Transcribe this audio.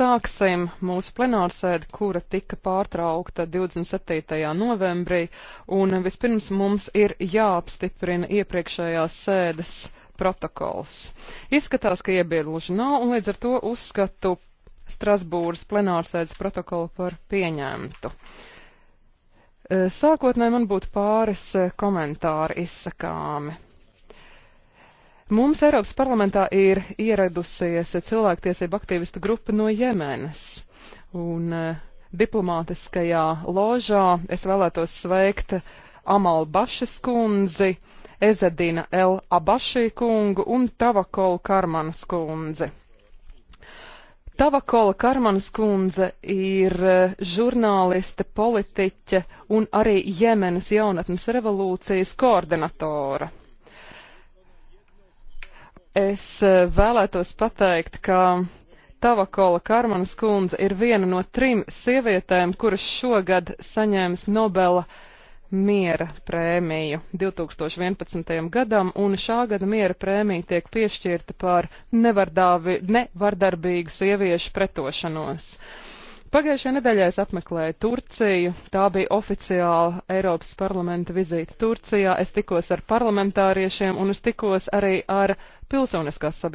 Sāksim mūsu plenārsēdi, kura tika pārtraukta 27. novembrī, un vispirms mums ir jāapstiprina iepriekšējās sēdes protokols. Izskatās, ka iebilduši nav, un līdz ar to uzskatu Strasbūras plenārsēdes protokolu par pieņemtu. Sākotnēji man būtu pāris komentāri izsakāmi. Mums Eiropas parlamentā ir ieradusies cilvēktiesība aktīvistu grupa no Jemenas. Un uh, diplomātiskajā ložā es vēlētos sveikt Amal Bašas kundzi, Ezedina El Abašī kungu un Tavakolu Karmanas kundzi. Tavakola Karmanas kundze ir eh, žurnāliste, politiķe un arī Jemenas jaunatnes revolūcijas koordinatora. Es e, vēlētos pateikt, ka Tavakola Karmanas kundze ir viena no trim sievietēm, kuras šogad saņēmis Nobela miera prēmiju 2011. gadam, un šā gada miera prēmija tiek piešķirta par nevardarbīgu sieviešu pretošanos. Pagājušajā nedēļā es apmeklēju Turciju. Tā bija oficiāla Eiropas parlamenta vizīte Turcijā. Es tikos ar parlamentāriešiem un es tikos arī ar pilsoniskās sabiedrības.